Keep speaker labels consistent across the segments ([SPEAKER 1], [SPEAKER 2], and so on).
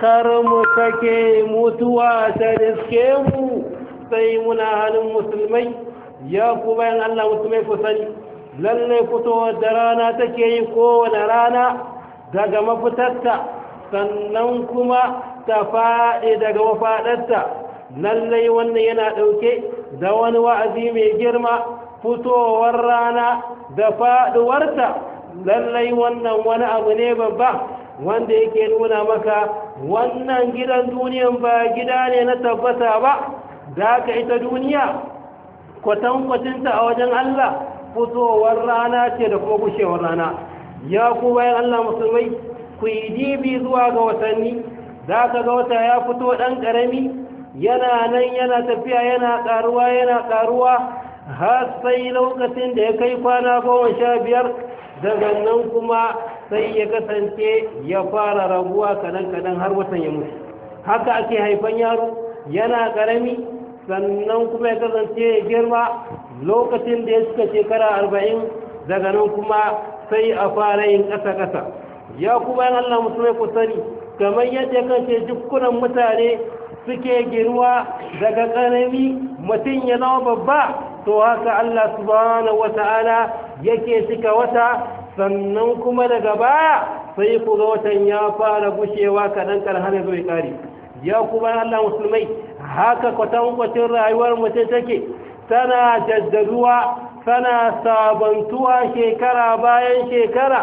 [SPEAKER 1] kar mu take mutuwa ta riske mu sai muna halin musulmai ya ku bayan Allah musulmai ku sani lallai fitowar da rana take yi kowane rana daga mafitarta sannan kuma ta faɗi daga mafaɗarta lallai wannan yana ɗauke da wani wa'azi mai girma fitowar rana da faɗuwarta lallai wannan wani abu ne babba wanda yake nuna maka wannan gidan duniyan ba gida ne na tabbata ba da ka ita duniya kwatankwacinta a wajen Allah fitowar rana ce da ko gushewar rana ya ku bayan Allah musulmai ku yi dibi zuwa ga watanni za ka ga wata ya fito ɗan ƙarami yana nan yana tafiya yana ƙaruwa yana ƙaruwa har sai lokacin da ya kai kwana goma sha biyar daga nan kuma sai ya kasance ya fara rabuwa kadan-kadan har watan ya mutu haka ake haifan yaro yana karami sannan kuma ya kasance ya girma lokacin da ya suka shekara arba'in daga nan kuma sai a fara yin ƙasa kasa ya kuma yan allah musu ku sani kamar yadda kan ce jikunan mutane suke girma daga ƙarami mutum ya zama babba to haka Allah subhanahu wata'ala yake cika wata sannan kuma daga baya sai ku ga watan ya fara gushewa kaɗan kan har zai kare ya kuma Allah musulmai haka kwatankwacin rayuwar mutum take tana jaddaduwa tana sabantuwa shekara bayan shekara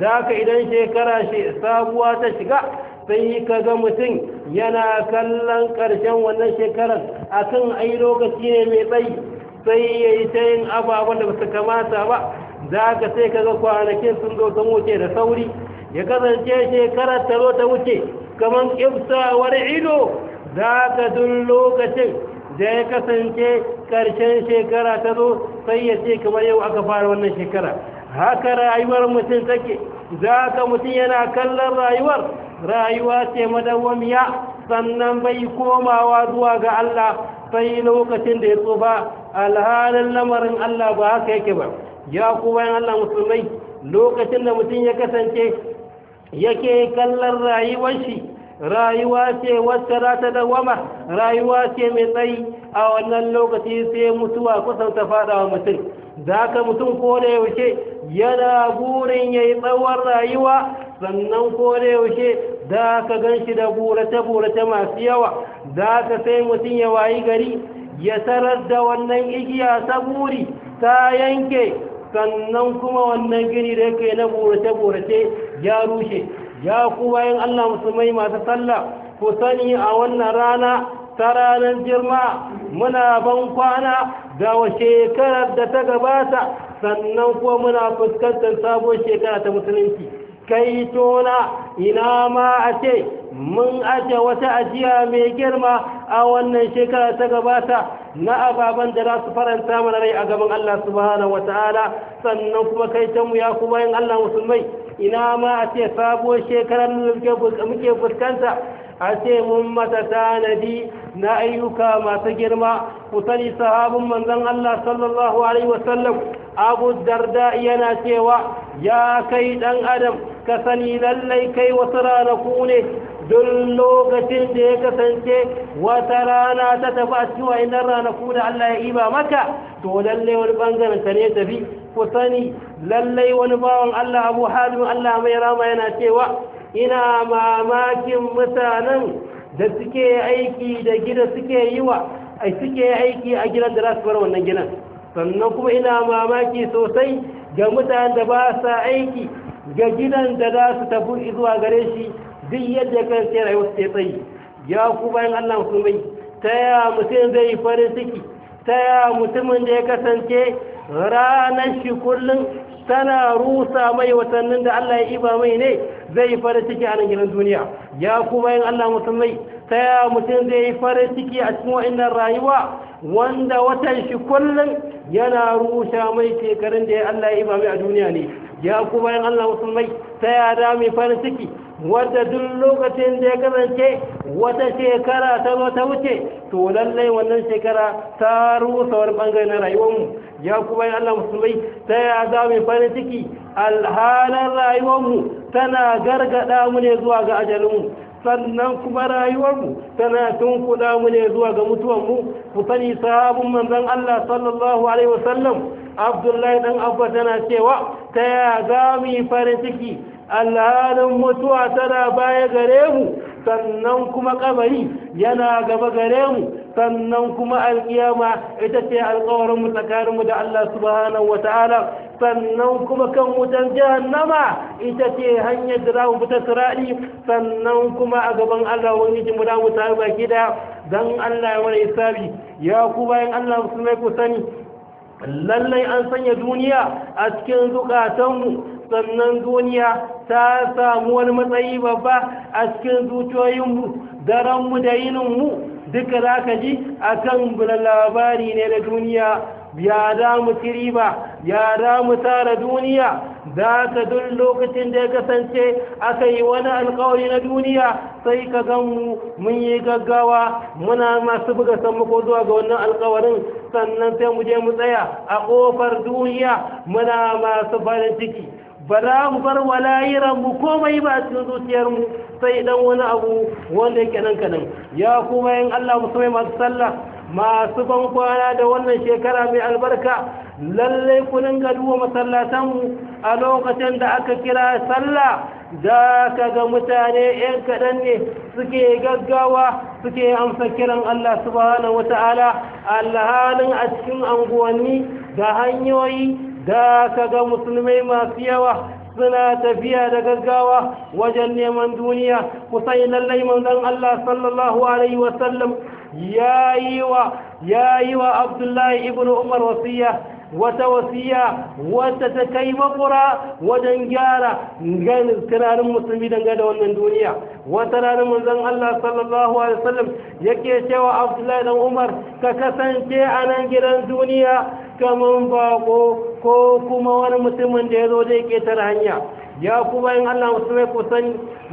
[SPEAKER 1] da ka idan shekara sabuwa ta shiga sai ka ga mutum yana kallon ƙarshen wannan shekarar akan ai lokaci ne mai tsayi sai ya yi ta yin ababen da basu kamata ba za ka sai kaga kwanakin sun zo ta wuce da sauri ya kasance shekarar ta zo ta wuce kamar ƙibsawar ido za ka dun lokacin da ya kasance ƙarshen shekara ta zo sai ya ce kamar yau aka fara wannan shekara haka rayuwar mutum take za ka mutum yana kallon rayuwar rayuwa ce madawwamiya sannan bai komawa zuwa ga Allah sai lokacin da ya so ba alhalin lamarin Allah ba haka yake ba ya kuma yin Allah musulmai lokacin da mutum ya kasance yake kallon rayuwar shi rayuwa ce wacce za ta dawama rayuwa ce mai tsayi a wannan lokaci sai mutuwa kusan ta faɗa wa mutum zaka ka mutum ko da yaushe yana burin ya yi tsawon rayuwa sannan ko da yaushe za ka gan shi da burace-burace masu yawa Za ka sai mutum ya wayi gari ya tarar da wannan igiya ta buri ta yanke sannan kuma wannan gini da yake na burace-burace ya rushe ya kuma yin allah musulmai masu sallah ku sani a wannan rana ta ranar girma muna ban kwana da wa shekarar da ta gabata sannan kuma muna fuskantar sabuwar shekara ta musulunci kai tona ina ma a ce mun aje wata ajiya mai girma a wannan shekara ta gabata na ababen da za su faranta mana rai a gaban Allah subhanahu wata'ala sannan kuma kai ta mu ya kuma yin Allah musulmai ina ma a ce sabuwar shekarar da muke fuskanta a ce mun mata tanadi na ayyuka masu girma ku sani sahabin manzon Allah sallallahu alaihi wasallam abu darda yana cewa ya kai dan adam ka sani lallai kai wasu ranaku ne don lokacin da ya kasance wata rana ta tafi a cikin wa'inan ranaku da Allah ya iba maka to lallai wani bangaren ta ne tafi ku sani lallai wani bawan Allah abu halin Allah mai rama yana cewa ina mamakin mutanen da suke aiki da gida suke yi wa a suke aiki a gidan da za su bar wannan gidan sannan kuma ina mamaki sosai ga mutanen da ba sa aiki ga gidan da za su tafi zuwa gare shi duk yadda kan sai rayuwar su tsayi ya ku bayan Allah musulmai ta ya mutum zai farin ciki ta ya mutumin da ya kasance ranar shi kullum tana rusa mai watannin da Allah ya iba mai ne zai yi farin ciki a nan gidan duniya ya kuma yin Allah musulmai ta ya mutum zai yi farin ciki a cikin wa'annan rayuwa wanda watan shi kullum yana rusa mai shekarun da Allah ya iba mai a duniya ne ya ku bayan Allah musulmai ta ya dami farin ciki wadda duk lokacin da ya kasance wata shekara ta zo ta wuce to lallai wannan shekara ta rusa wani bangare na rayuwarmu ya ku bayan Allah musulmai ta ya dami farin ciki alhalar rayuwarmu tana gargada mu ne zuwa ga ajalinmu sannan kuma rayuwarmu tana tunkuɗa mu ne zuwa ga mutuwanmu ku sani sabon manzon Allah sallallahu alaihi wasallam abdullahi ɗan abba tana cewa ta ya za mu yi farin ciki alhalin mutuwa tana baya gare mu sannan kuma kamari yana gaba gare mu sannan kuma alkiyama ita ce alkawarin tsakaninmu da Allah subhanahu ta'ala, sannan kuma kan wutan jahannama ita ce hanyar da za fita sura'i sannan kuma a gaban Allah wani jimu da mu tare baki daya dan Allah ya wani isabi ya ku bayan Allah musulmai ku sani lallai an sanya duniya a cikin zukatanmu sannan duniya ta samu wani matsayi babba a cikin zuciyoyinmu daranmu da yininmu duka za ka ji a kan labari ne na duniya ya damu kiriba ya damu tara duniya za ka duk lokacin da ya kasance aka yi wani alkawari na duniya sai ka ganmu mun yi gaggawa muna masu buga sammako zuwa ga wannan alkawarin sannan sai mu je mu tsaya a kofar duniya muna masu farin ciki ba za mu bar mu komai ba cikin mu sai dan wani abu wanda yake nan kanan ya kuma yin Allah musamman masu sallah masu ban kwana da wannan shekara mai albarka lallai ku dinga masallatan masallatanmu a lokacin da aka kira sallah za ka ga mutane 'yan kaɗan ne suke gaggawa suke amsa kiran Allah subhanahu wata'ala alhalin a cikin anguwanni da hanyoyi da ka ga musulmai masu yawa suna tafiya da gaggawa wajen neman duniya kusan lallai manzon Allah sallallahu alaihi wasallam ya yi wa abdullahi ibn umar wasiya wata wasiya wata ta kai makura wajen gyara ganin tunanin musulmi dangane da wannan duniya wata ranar manzon Allah sallallahu alaihi wasallam ke cewa Abdullahi dan Umar ka kasance a nan gidan duniya kamar bako ko kuma wani mutumin da ya zo da yake tara hanya ya kuma yin Allah musulmai ku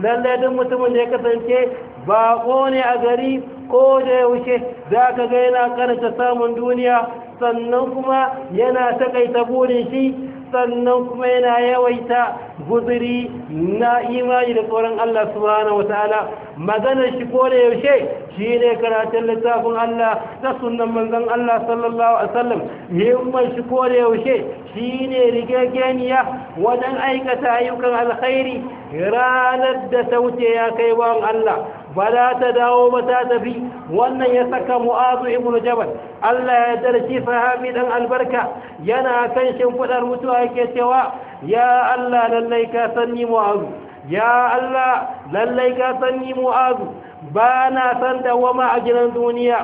[SPEAKER 1] lallai duk mutumin da ya kasance Baƙo ne a gari ko da yaushe za ka ga yana karanta samun duniya sannan kuma yana takaita burin shi sannan kuma yana yawaita guzuri na imani da tsoron Allah subhanahu wataala maganar shi ko da yaushe shi ne karatun littafin Allah ta sunan manzon Allah sallallahu alaihi wasallam himman shi ko da yaushe shi shine rigegeniya wajen aikata ayyukan alkhairi ranar da ta wuce ya kai bawan Allah bala ta dawo ba ta tafi wannan ya saka mu'azu ibnu jabal Allah ya darci sahabi dan albarka yana kan fudar mutuwa yake cewa ya Allah lallai ka sanni mu'azu ya Allah lallai ka sanni mu'azu ba na san dawama a gidan duniya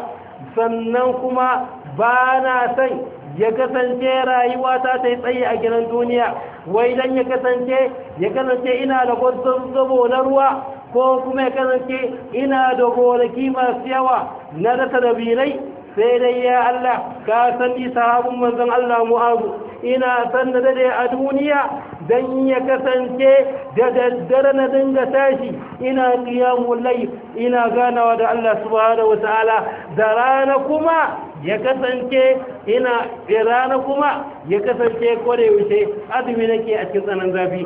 [SPEAKER 1] sannan kuma ba na san ya kasance rayuwa ta ta tsaye a gidan duniya wai dan ya kasance ya kasance ina da gwarzon zabo na ruwa ko kuma ya kasance ina da gonaki masu yawa na rasa dabinai sai dai ya Allah ka san ni sahabin manzon Allah mu'azu ina san da dade a duniya dan ya kasance da daddare na dinga tashi ina qiyamul layl ina ganawa da Allah subhanahu wataala da rana kuma ya kasance ina da rana kuma ya kasance kore wuce azumi nake a cikin tsanan zafi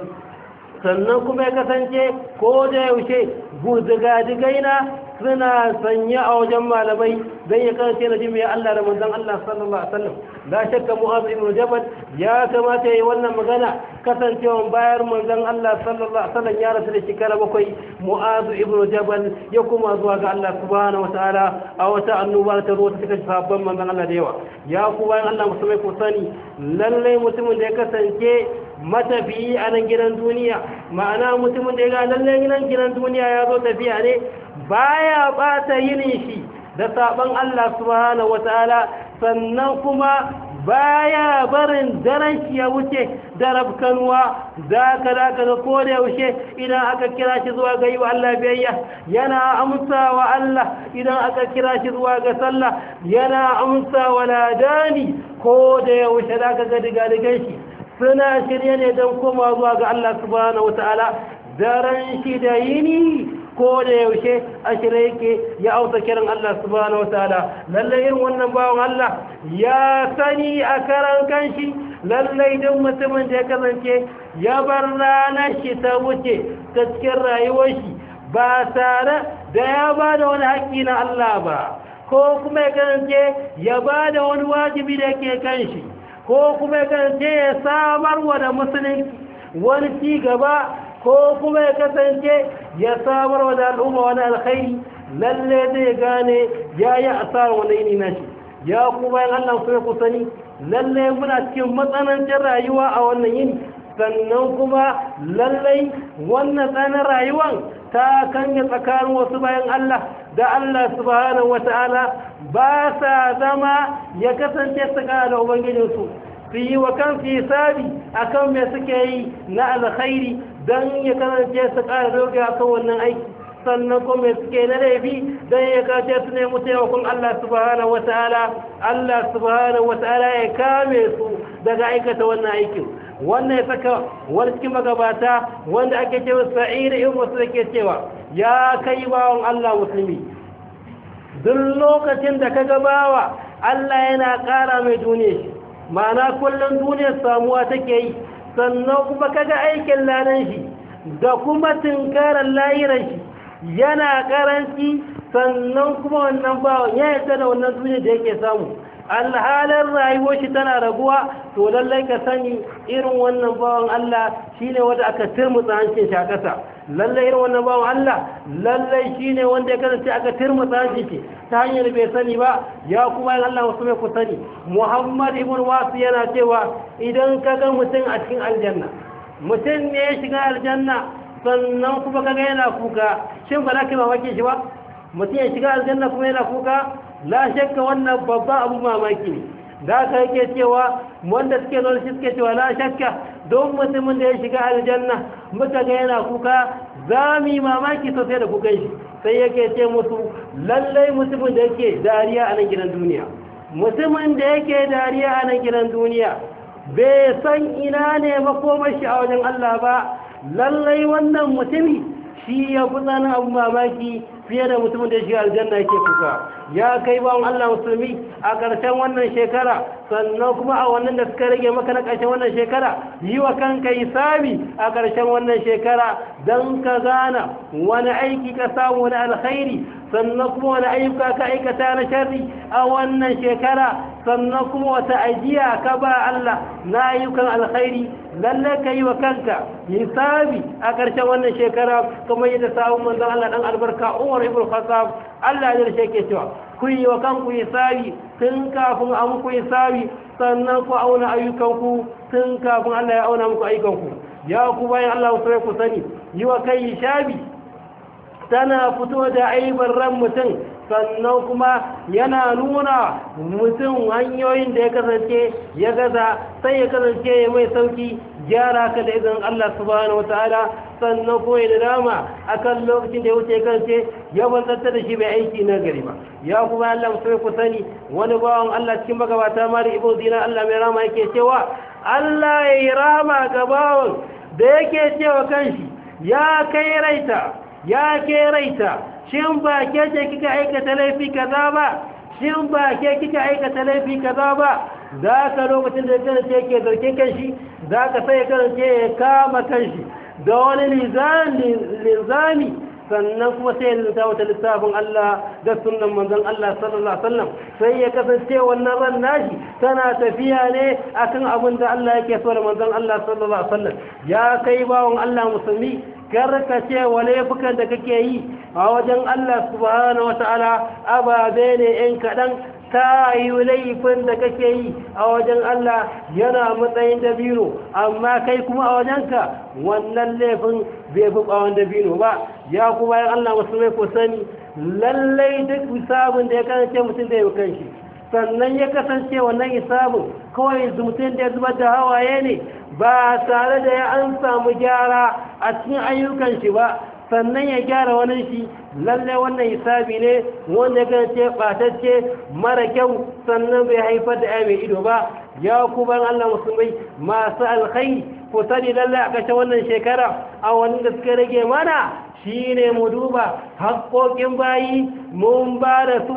[SPEAKER 1] sannan kuma ya kasance ko da yaushe gudugadigai na suna sanya a wajen malamai don ya kasance na jimiyar Allah da manzan Allah sallallahu Alaihi da shakka mu'az ibn jabal ya kamata ya yi wannan magana kasancewan bayar manzan Allah sallallahu Alaihi wasallam ya rasu da shekara bakwai mu'az ibn jabal ya kuma zuwa ga Allah subhanahu wataala a wata annoba ta ruwa ta cika sabon manzan Allah da yawa ya ku bayan Allah musulmai ku sani lallai mutumin da ya kasance matafiyi a nan gidan duniya ma'ana mutumin da ya ga lallai gidan duniya ya zo tafiya ne baya bata yinin shi da saban Allah subhanahu wataala sannan kuma baya barin daren shi ya wuce da rabkanuwa za ka da ko da yaushe idan aka kira shi zuwa ga yi Allah biyayya yana amsa wa Allah idan aka kira shi zuwa ga sallah yana amsa wa ladani ko da yaushe za ka ga digadigan shi suna shirye ne don koma zuwa ga Allah subhanahu wataala daren shi da yini ko da yaushe a yake ya auta kiran Allah subhanahu ta'ala lallai irin wannan bawon Allah ya sani a karan kanshi lallai duk mutumin da ya kasance ya bar ranar shi ta wuce ta cikin rayuwar shi ba tare da ya ba da wani haƙƙi na Allah ba ko kuma ya kasance ya ba da wani wajibi da ke kanshi ko kuma ya kasance ya samar wa da musulunci wani ci gaba ko kuma ya kasance ya samar wa da al'umma wani alkhairi lalle zai gane ya yi asarar wani yini na shi ya kuma yin allah ku kusa sani lalle muna cikin matsanancin rayuwa a wannan yini sannan kuma lallai wannan tsanin rayuwan ta kanya tsakanin wasu bayan allah da allah wata ala, ba sa zama ya kasance tsakanin ubangijinsu su yi wa kansu a kan me suke yi na alkhairi don ya kasance su ƙara a kan wannan aiki sannan kuma mai suke na laifi don ya kace su ne taimakon Allah subhanahu wataala Allah subhanahu wataala ya kame su daga aikata wannan aikin wannan ya saka wani cikin magabata wanda ake cewa sa'ira in wasu da ke cewa ya kai bawon Allah musulmi duk lokacin da ka gabawa Allah yana ƙara mai duniya shi ma'ana kullum duniyar samuwa take yi sannan kuma kaga aikin lanan shi da kuma tunkarar layiran shi yana karanci sannan kuma wannan bawon ya yi da wannan duniyar da yake samu alhalar rayuwar shi tana raguwa to lallai ka sani irin wannan bawan Allah shine wanda aka turmutsa hancin shi a ƙasa lallai irin wannan bawan Allah lallai shine wanda ya kasance aka turmutsa hancin shi ta hanyar bai sani ba ya kuma yin Allah wasu mai ku sani Muhammad ibn Wasu yana cewa idan ka ga mutum a cikin aljanna mutum ne ya shiga aljanna sannan kuma kaga yana kuka shin ba za ka yi mamakin shi ba mutum ya shiga aljanna kuma yana kuka la shakka wannan babba abu mamaki ne da ka yake cewa wanda suke zo shi suke cewa la shakka don mutumin da ya shiga aljanna muka ga yana kuka za mu yi mamaki sosai da kuka shi sai yake ce musu lallai mutumin da yake dariya a nan gidan duniya mutumin da yake dariya a nan gidan duniya bai san ina ne makomar shi a wajen Allah ba lallai wannan mutumi shi ya fi tsanin abu mamaki fiye da mutumin da shi aljanna ke kuka ya kai ba Allah musulmi a ƙarshen wannan shekara sannan kuma a wannan da suka rage maka na ƙarshen wannan shekara yi wa kanka hisabi a ƙarshen wannan shekara don ka gana wani aiki ka samu wani alkhairi sannan kuma wani ayyuka ka aikata na sharri a wannan shekara sannan kuma wata ajiya ka ba Allah na ayyukan alkhairi lallai ka yi wa kanka hisabi a ƙarshen wannan shekara kamar yadda sabon manzon Allah dan albarka Umar ibn Khattab Allah ya rike ke cewa ku yi wa kanku hisabi tun kafin a muku hisabi sannan ku auna ayyukanku tun kafin Allah ya auna muku ayyukanku ya ku bayan Allah sai ku sani yi wa kai hisabi tana fito da aibar ran mutum sannan kuma yana nuna mutum hanyoyin da ya kasance ya gaza sai ya kasance ya mai sauki gyara ka da izin Allah subhanahu wa ta'ala sannan ko ya dama a kan lokacin da ya wuce kasance ya bantatta da shi mai aiki na gari ba ya kuma Allah sai ku sani wani bawan Allah cikin magabata mari ibo zina Allah mai rama yake cewa Allah ya yi rama ga bawan da yake cewa kanshi ya kai raita ya ke raita shin ba ke ce kika aikata laifi kaza ba shin ba ke kika aikata laifi kaza ba za ka lokacin da ya ce ke zargin kanshi za ka sai ya karance ya kama kanshi da wani linzami sannan kuma sai ya linta wata littafin Allah da sunan manzon Allah sallallahu alaihi wasallam sai ya kasance wannan ran nashi tana tafiya ne akan abin da Allah yake so da manzon Allah sallallahu alaihi wasallam ya kai bawon Allah musulmi karka ce wa laifukan da kake yi a wajen Allah subhanahu wataala ababe ne yan kaɗan ta yi laifin da kake yi a wajen Allah yana matsayin dabino amma kai kuma a wajenka wannan laifin bai fi ɓawon dabino ba ya kuma yan Allah musulmai ko sani lallai duk hisabin da ya kasance mutum da ya kanshi sannan ya kasance wannan hisabin kawai mutum da ya zubar da hawaye ne ba tare da ya an samu gyara a cikin ayyukan shi ba sannan ya gyara wani shi lallai wannan hisabi ne wanda ya kasance batacce mara kyau sannan bai haifar da ya mai ido ba ya kuma Allah musulmai masu alkhairi ku sani lallai a kashe wannan shekara a wani da suka rage mana shi ne mu duba haƙoƙin bayi mun ba da su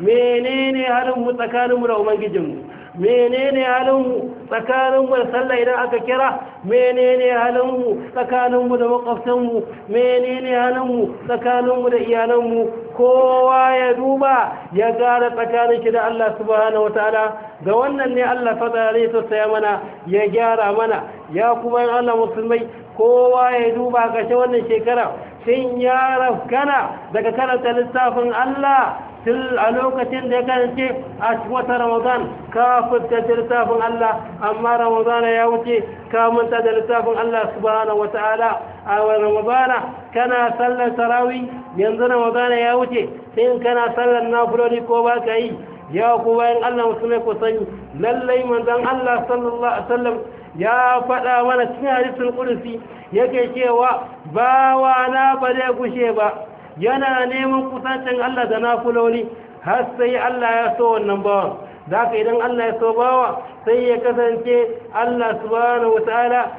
[SPEAKER 1] menene halinmu tsakaninmu da ubangijinmu menene halinmu tsakaninmu da sallah idan aka kira menene halinmu tsakaninmu da makwabtanmu menene halinmu tsakaninmu da iyalanmu kowa ya duba ya gara tsakanin shi da Allah subhanahu ta'ala da wannan ne Allah fada zai saya mana ya gyara mana ya kuma yin Allah musulmai kowa ya duba kashe wannan shekara shin ya rafkana daga karanta littafin Allah a lokacin da ya karance a wata ramadan ka fuskanci littafin Allah amma ramadan ya wuce ka manta da littafin Allah subhanahu wata'ala a ramadan kana sallar tarawi yanzu ramadan ya wuce sai kana sallar nafiloli ko ba ka yi ya ku bayan Allah Musulmi ku sani lallai manzon Allah sallallahu alaihi wasallam ya faɗa mana cikin hadisin ya yake cewa ba wa na ba zai gushe ba yana neman kusancin Allah da na nafuloli har sai Allah ya so wannan bawan da haka idan Allah ya so bawa sai ya kasance Allah subhanahu ta'ala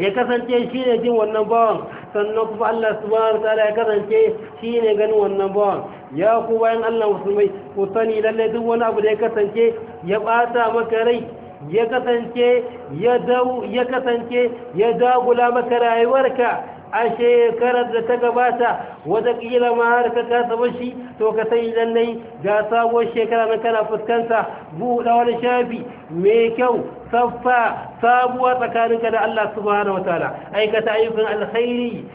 [SPEAKER 1] ya kasance shi ne jin wannan bawan sannan kuma Allah subhanahu ta'ala ya kasance shi ne ganin wannan bawan ya ku bayan Allah musulmai ku sani lalle duk wani abu da ya kasance ya bata maka rai ya kasance ya dau ya kasance ya dagula maka rayuwarka a shekarar da ta gabata watakila ma har ka kasa bashi to ka sani lallai ga sabuwar shekara na kana fuskanta buɗa wani shafi mai kyau saffa sabuwa tsakaninka da Allah subhanahu wataala aikata ayyukan alkhairi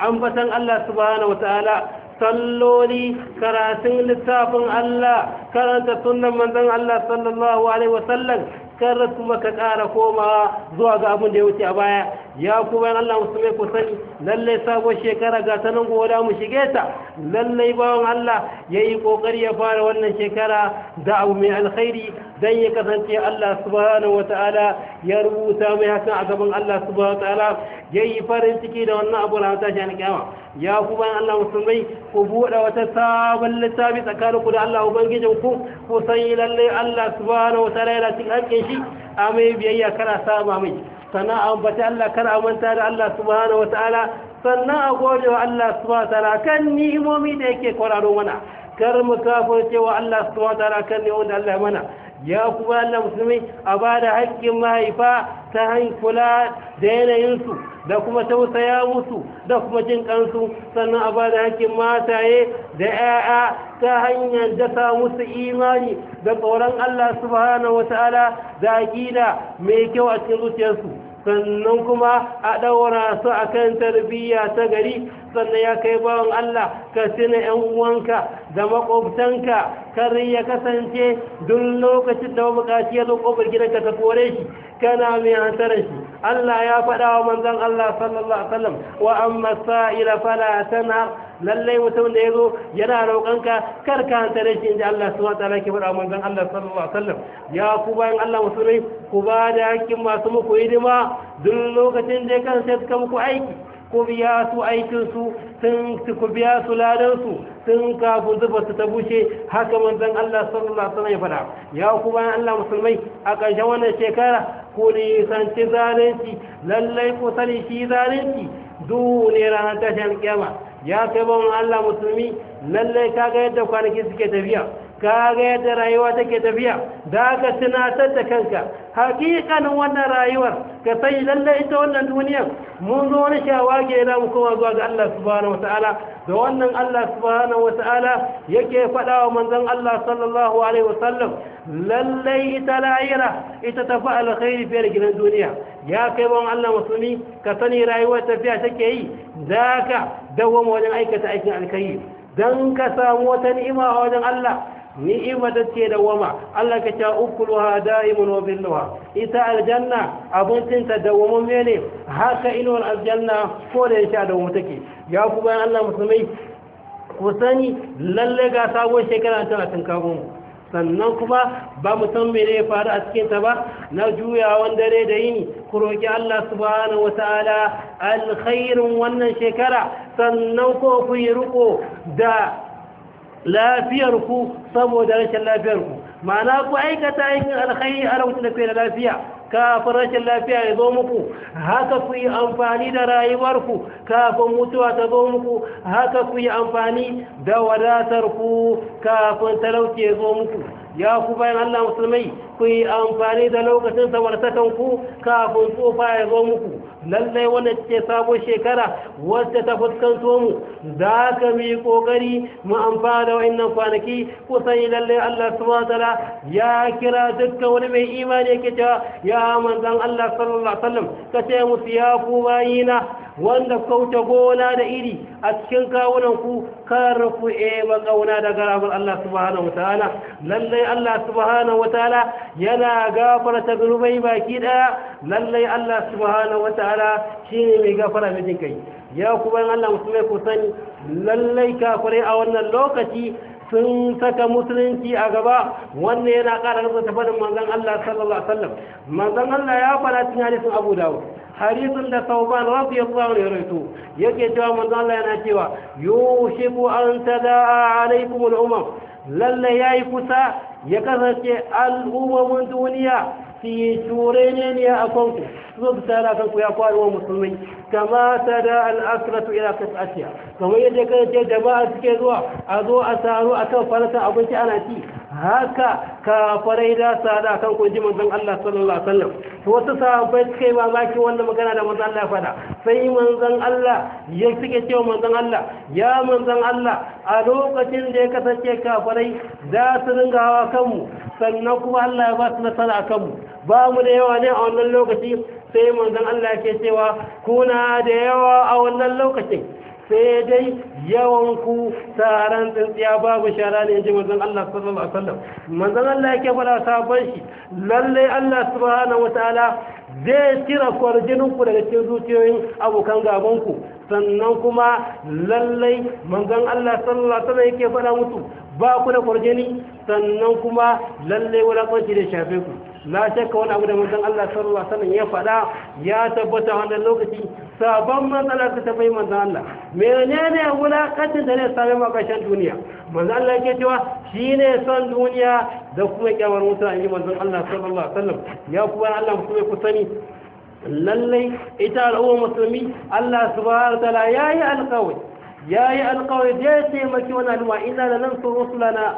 [SPEAKER 1] ambatan Allah subhanahu wataala salloli karatun littafin Allah karanta sunan manzon Allah sallallahu alaihi wasallam karra kuma ka ƙara komawa zuwa ga abin da ya wuce a baya ya kuma yan Allah musulmai ku sani lallai sabon shekara ga ta nan goda mu shige ta lallai bawan Allah ya yi ƙoƙari ya fara wannan shekara da abu mai alkhairi dan ya kasance Allah subhanahu wataala ya rubuta mai hakan a gaban Allah subhanahu wataala yayi farin ciki da wannan abu ran tashi an kiyama ya ku ban Allah musulmai ku buɗe wata sabon littafi tsakanin ku da Allah ubangijin ku ku san lallai Allah subhanahu wataala yana cikin hakkin shi a mai biyayya kana saba mai sannan a ambata Allah kar a da Allah subhanahu wataala sannan a gode wa Allah subhanahu wataala kan ni'imomi da yake kwararo mana kar mu kafirce wa Allah subhanahu wataala kan ne da Allah ya mana ya kuma Allah musulmi a ba da haƙƙin mahaifa ta hankula da yanayinsu da kuma tausaya musu da kuma jin kansu sannan a ba da haƙƙin mataye da 'ya'ya ta hanyar dasa musu imani da tsoron Allah subhanahu wata'ala da aƙida mai kyau a cikin zuciyarsu sannan kuma a ɗaura su a kan tarbiyya ta gari sannan ya kai bawan Allah ka tuna ‘yan uwanka da makwabtanka kar ya kasance duk lokacin da mabukaci ya zo ƙofar gidanka ta kore shi kana mai hantarar shi Allah ya faɗa wa manzon Allah sallallahu alaihi wasallam wa amma sa'ila fala Tana lallai mutum da ya zo yana roƙonka kar ka hantare shi inda Allah subhanahu wa ta'ala ke faɗa wa manzon Allah sallallahu alaihi wasallam ya ku bayan Allah musulmai ku ba da hakkin masu muku hidima duk lokacin da ya kasance suka muku aiki ku biya su aikinsu sun ku biya su ladansu sun kafu zuba su ta bushe haka manzan Allah sallallahu alaihi wasallam ya faɗa ya ku bayan Allah musulmai a ƙarshen wannan shekara ku ci zalunci lallai ku sani shi zalunci dole ranar tashin kiyama ya kai bawan Allah musulmi lallai ga yadda kwanaki suke tafiya ka ga yadda rayuwa take tafiya da ka tunatar da kanka hakikanin wannan rayuwar ka sai lallai ita wannan duniyar mun zo wani shawage na mu kowa zuwa ga Allah subhanahu wataala da wannan Allah subhanahu wataala yake faɗa wa manzon Allah sallallahu alaihi wasallam lallai ita laira ita tafi alkhairi fiye da gidan duniya ya kai ban Allah musulmi ka sani rayuwar tafiya take yi da ka dawwama wajen aikata aikin alkhairi dan ka samu wata ni'ima wajen Allah ni'ima da ce da wama Allah ka ta ukuluha da'imun wa billuha ita aljanna abincin ta da dawwamme ne haka inuwar aljanna ko da yasha da wata take ya ku bayan Allah musulmai ku sani lalle ga sabon shekara ta tun kawo mu sannan kuma ba mu san mene ya faru a cikin ta ba na juya wanda dare da yini ku roki Allah subhanahu wataala alkhairin wannan shekara sannan ko ku yi riko da Lafiyar ku saboda rashin lafiyarku ma'ana ku aikata aikin alkhairi a lokacin da kai da lafiya kafin rashin lafiya ya zo muku haka ku yi amfani da rayuwarku kafin mutuwa ta zo muku haka ku yi amfani da wadatar ku kafin talauci ya zo muku ya ku bayan Allah musulmai ku yi amfani da lokacin samartakan ku kafin tsofa ya zo muku lallai wanda ke sabon shekara wacce ta fuskanto mu za ka mu yi kokari mu amfana da wa'annan kwanaki kusan lallai Allah subhanahu wataala ya kira dukkan wani mai imani yake cewa ya manzan Allah sallallahu alaihi wasallam ka ce musu ya ku bayina wanda kauta gona da iri a cikin kawunan ku kan rufu'e ba kauna da garamar Allah subhanahu wataala lallai Allah subhanahu wataala yana gafarta zunubai baki daya lallai Allah subhanahu wataala ne mai gafara mijin kai ya kuma Allah musulmai ku sani lallai kafirai a wannan lokaci sun saka musulunci a gaba wannan yana ƙara gaba ta faɗin manzan Allah sallallahu alaihi wasallam Manzan Allah ya fara cikin hadisin Abu Dawud hadisin da Sauban ya anhu ya rawaito yake cewa manzan Allah yana cewa yushiku an tadaa alaikum al Lallai lalle yayi kusa ya kasance al'umman duniya fi shure ne ne a kanku su zo su tara kanku ya musulmai kama ta da al'asiratu ila kasashiya kamar yadda kan ce jama'a suke zuwa a zo a taru a kan farashin abinci ana ci haka kafarai da sada kan kunji manzon Allah sallallahu alaihi wasallam to wasu sahabbai suka yi mamaki wannan magana da manzon Allah fada sai manzon Allah ya suke cewa manzon Allah ya manzon Allah a lokacin da ya kasance kafarai za su ringa hawa kanmu sannan kuma Allah ya ba su nasara kanmu ba mu da yawa ne a wannan lokaci sai manzon Allah ke cewa kuna da yawa a wannan lokacin sai dai yawanku taron tsintsiya babu shara ne inji manzon Allah sallallahu alaihi wasallam manzon Allah yake fara sabon shi lalle Allah subhanahu wataala zai tira kwarjinin ku daga cikin zuciyoyin abokan gaban ku sannan kuma lalle manzon Allah sallallahu alaihi wasallam yake fara mutu ba ku da kwarjini sannan kuma lalle wala kwanci da shafe ku la shakka wani abu da mutum Allah sarwa sanin ya faɗa ya tabbata wannan lokaci sabon matsala ta tafai manzon Allah menene wulakatin da ne sami makashen duniya manzon Allah ke cewa shi ne son duniya da kuma mutum a yi mazan Allah sallallahu alaihi ya kuma Allah kuma ku sani lallai ita al'ummar musulmi Allah subhanahu wa ta'ala yayi alƙawari ya yi alkawari da ya taimaki wani al'umma ina da nan sun rusulana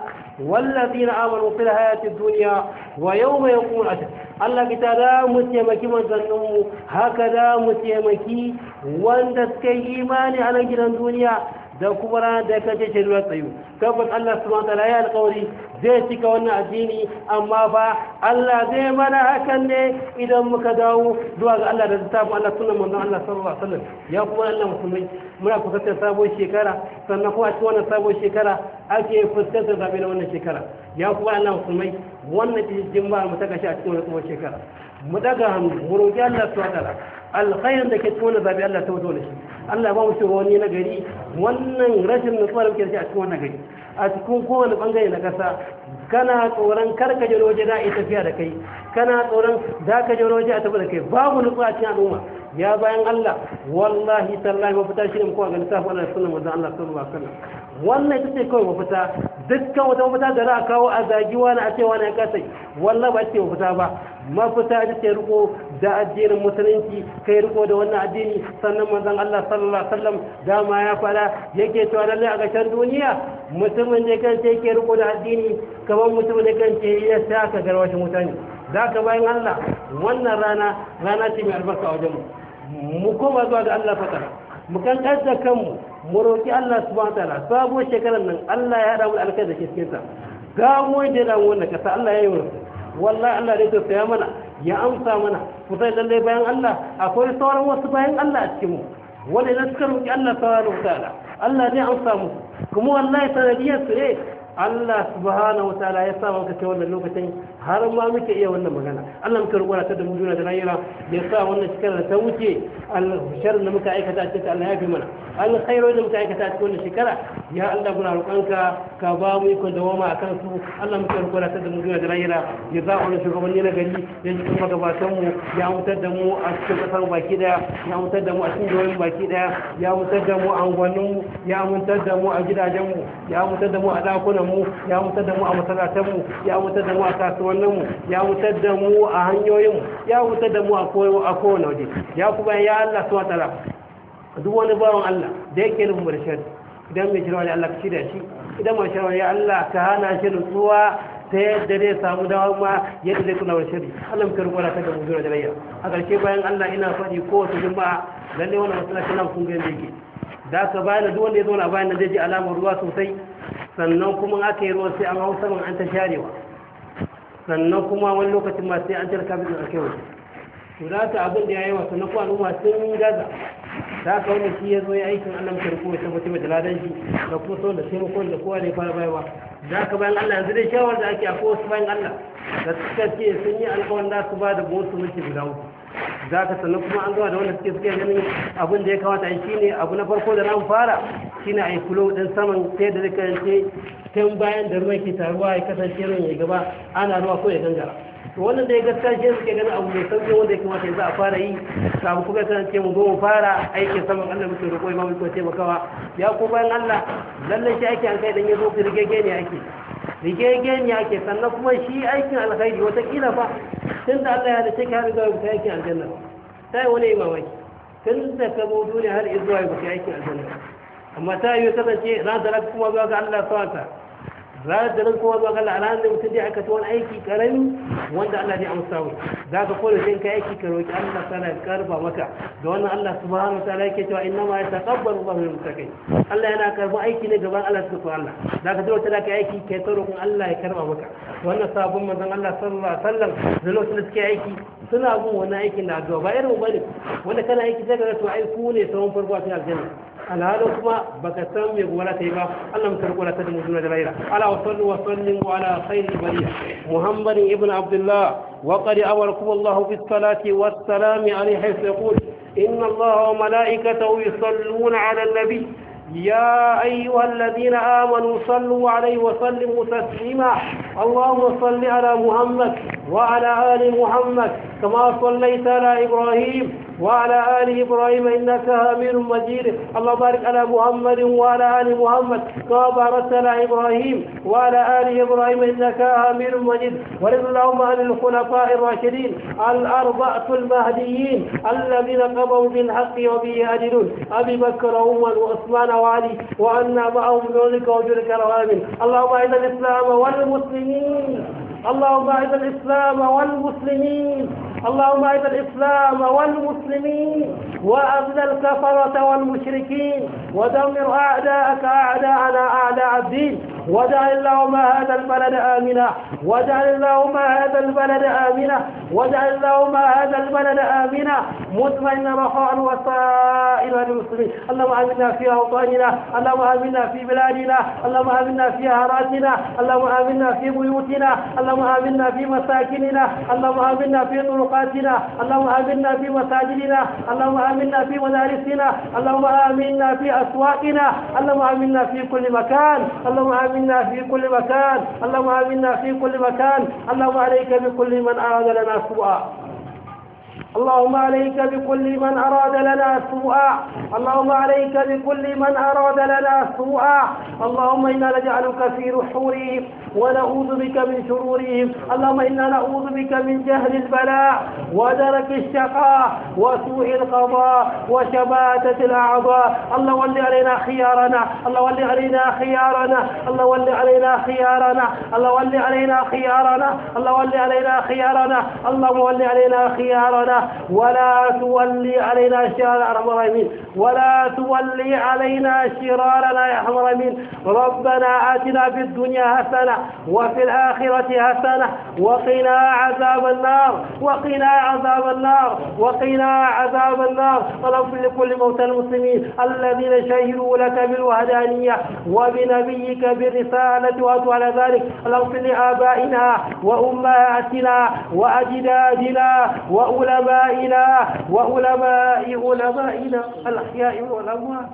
[SPEAKER 1] wallafi na amonu da hayatin duniya wa yau mai kuma ashir Allah ki ta za mu taimaki manzanninmu haka za mu taimaki wanda suka yi imani a nan gidan duniya da kuma ranar da ya kace ce ruwan tsayu tabbas Allah subhanahu wataala ya alƙawari zai cika wannan addini amma fa Allah zai mana hakan ne idan muka dawo zuwa ga Allah da littafin Allah sunan manzon Allah sallallahu alaihi wasallam ya kuma Allah musulmai muna fuskantar sabon shekara sannan kuma a cikin wannan sabon shekara ake fuskantar zabe na wannan shekara ya kuma Allah musulmai wannan jimba mu ta gashi a cikin wannan shekara mu daga hannu mu Allah su ta'ala alkhairin da ke cikin wannan zabi Allah ta wato da shi Allah ba mu shugabanni na gari wannan rashin nutsuwa da muke da shi a cikin wannan gari a cikin kowane bangare na ƙasa kana tsoron kar ka waje za a yi tafiya da kai kana tsoron za ka je waje a tafi da kai babu nutsuwa a cikin al'umma ya bayan Allah wallahi tallahi mafita shi ne mu kowa ga lissafin Allah sunan manzon Allah sallallahu alaihi wasallam wannan ita ce kawai mafita dukkan wata mafita da za a kawo a zagi wani a cewa na kasai wallah ba ce mafita ba mafita da ce riko da addinin musulunci kai riko da wannan addini sannan manzon Allah sallallahu alaihi wasallam dama ya fada yake cewa lalle a gashin duniya mutumin ne kan ce yake riko da addini kamar mutumin ne kan ce ya ka garwashi mutane ka bayan Allah wannan rana rana ce mai albarka wajen mu mu koma zuwa ga Allah fata mu kan kanmu mu roki Allah subhanahu wataala sabo shekarar nan Allah ya hada mu alkai da shi cikin sa ga da da wannan kasa Allah ya yi mu wallahi Allah dai tausaya mana ya amsa mana kusa lalle bayan Allah akwai sauran wasu bayan Allah a cikin mu wanda idan suka roki Allah subhanahu wataala Allah zai amsa mu kuma wallahi sanadiyar su ne Allah subhanahu wataala ya sa muka kai wannan lokacin har ma muke iya wannan magana Allah muka rubuta ta da mu juna da rayuwa ya sa wannan shekara da ta wuce al-shar da muka aikata a cikin Allah ya fi mana al-khairu da muka aikata a wannan shekara ya Allah muna roƙonka ka ba mu ikon dawama akan su Allah muka rubuta ta da mu juna da rayuwa ya za mu shugabanni na gari ya ji kuma gabatan mu ya mutar da mu a cikin kasar baki daya ya mutar da mu a cikin jihohin baki daya ya mutar da mu a unguwannin mu ya mutar da mu a gidajen mu ya mutar da mu a dakunan mu ya wutar da mu a masallatan mu ya wutar da mu a kasuwannin mu ya wutar da mu a hanyoyin mu ya wutar da mu a koyo a kowane waje ya kuma ya Allah suwa tara duk wani bawan Allah da yake nufin mu shari idan mai shirwa ne Allah ka shida shi idan mai shirwa ne Allah ka hana shi nutsuwa ta yadda zai samu ma yadda zai kula wani shari Allah muka rubuta ta da mu zuwa da rayya a ƙarshe bayan Allah ina faɗi kowace juma'a lalle wani masallaci nan kun ga yake da ka bayan duk wanda ya zo na bayan da zai ji alamar ruwa sosai sannan kuma aka yi ruwa sai an hau saman an ta sharewa sannan kuma wani lokacin masu an tarka bin a kai wasu to da ta abin da ya yi wa sannan kuma al'umma sun gaza ta ka wani shi ya zo ya aikin allah mutar kowa ta mutum da ladan shi da kuma sau da taimakon da kowa ne fara bayarwa da ka bayan allah yanzu dai shawar da ake a kowace bayan allah da suka ce sun yi alkawarin da su ba da bosu mutum guda uku za ka sannan kuma an gama da wanda suke suke ganin abin da ya kamata shi ne abu na farko da ran fara shi ne a yi kulo ɗin saman sai da zai kasance tun bayan da ruwan ke taruwa ya kasance ruwan ya gaba ana ruwa ko ya gangara to wannan da ya gaskiya shi suke ganin abu mai sauƙi wanda ya kamata yanzu a fara yi samu kuma kasance mu zo mu fara aikin saman allah da kuma imamu kuma taimakawa ya ko bayan allah lallai shi ake an kai dan ya zo ki rigege ne ake rigege ne ake sannan kuma shi aikin alkhairi watakila fa tun da aka yi da take har zuwa ta yake aljanna yi wani mamaki tun da ta zo duniya har zuwa baka yake aljanna amma ta yi zance na da kuma zuwa ga Allah sawata ranar da ran kowa zuwa ga ranar da mutum dai aka ta wani aiki karami wanda Allah zai amsa mu za ka kola jin ka aiki ka roki Allah sana karba maka da wannan Allah su subhanahu wataala yake cewa inna ma yataqabbalu Allahu ta kai. Allah yana karba aiki ne gaban Allah su Allah za ka zo ta ka aiki kai ta roƙon Allah ya karba maka wannan sabon manzon Allah sallallahu alaihi wasallam da lokacin da suke aiki suna bin wani aikin da addu'a ba irin bane wanda kana aiki sai ka ga to ai ku ne sawon farko a cikin aljanna alhalin kuma baka san mai gobara ta yi ba Allah mu karɓo ta da mu juna da laira ala wa sallu wa sallim wa ala khairi bariya muhammadin ibn abdullah وقد أمركم الله بالصلاة والسلام عليه حيث يقول إن الله وملائكته يصلون على النبي يا أيها الذين آمنوا صلوا عليه وسلموا تسليما اللهم صل على محمد وعلى آل محمد كما صليت على إبراهيم وعلى آل إبراهيم إنك أمير مجيد الله بارك على محمد وعلى آل محمد كما باركت على إبراهيم وعلى آل إبراهيم إنك أمير مجيد ورضي اللهم عن الخلفاء الراشدين الأربعة المهديين الذين قضوا بالحق وبه يهدلون أبي بكر وعمر وعثمان وعلي وأنا معهم بذلك وجودك العالمين اللهم أعز الإسلام والمسلمين اللهم أعز الإسلام والمسلمين اللهم أعز الإسلام والمسلمين وأذل الكفرة والمشركين ودمر أعداءك أعداءنا أعداء الدين واجعل اللهم هذا البلد آمنا واجعل اللهم هذا البلد آمنا واجعل اللهم هذا البلد آمنا مطمئنا رخاء وسائر المسلمين اللهم آمنا في أوطاننا اللهم آمنا في بلادنا اللهم آمنا في أهراتنا اللهم آمنا في بيوتنا اللهم آمنا في مساكننا اللهم آمنا في طرقنا أوقاتنا اللهم آمنا في مساجدنا اللهم آمنا في مدارسنا اللهم آمنا في أسواقنا اللهم آمنا في كل مكان اللهم آمنا في كل مكان اللهم آمنا في كل مكان اللهم عليك بكل من أراد لنا سوءا اللهم عليك بكل من أراد لنا سوءا اللهم عليك بكل من أراد لنا سوءا اللهم إنا نجعلك في رحورهم ونعوذ بك من شرورهم اللهم إنا نعوذ بك من جهل البلاء ودرك الشقاء وسوء القضاء وشماتة الأعضاء الله ولي علينا خيارنا الله ولي علينا خيارنا الله ولي علينا خيارنا الله ولي علينا خيارنا الله ولي علينا خيارنا اللهم ولي علينا خيارنا ولا تولي علينا شرارنا يا ارحم الراحمين ولا تولي علينا شرارنا يا ارحم الراحمين ربنا آتنا في الدنيا حسنة وفي الآخرة حسنة وقنا عذاب النار وقنا عذاب النار وقنا عذاب النار ونغفر لكل موتى المسلمين الذين شهدوا لك بالوهدانية وبنبيك بالرسالة وأتوا على ذلك اللهم اغفر لآبائنا وأمهاتنا وأجدادنا وأولمائنا علمائنا وعلماء علمائنا الأحياء والأموات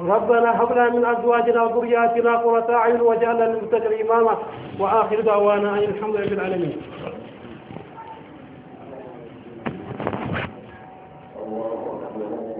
[SPEAKER 1] ربنا هب لنا من أزواجنا وذرياتنا قرة أعين وجعلنا للمتقين إماما وآخر دعوانا أن الحمد لله العالمين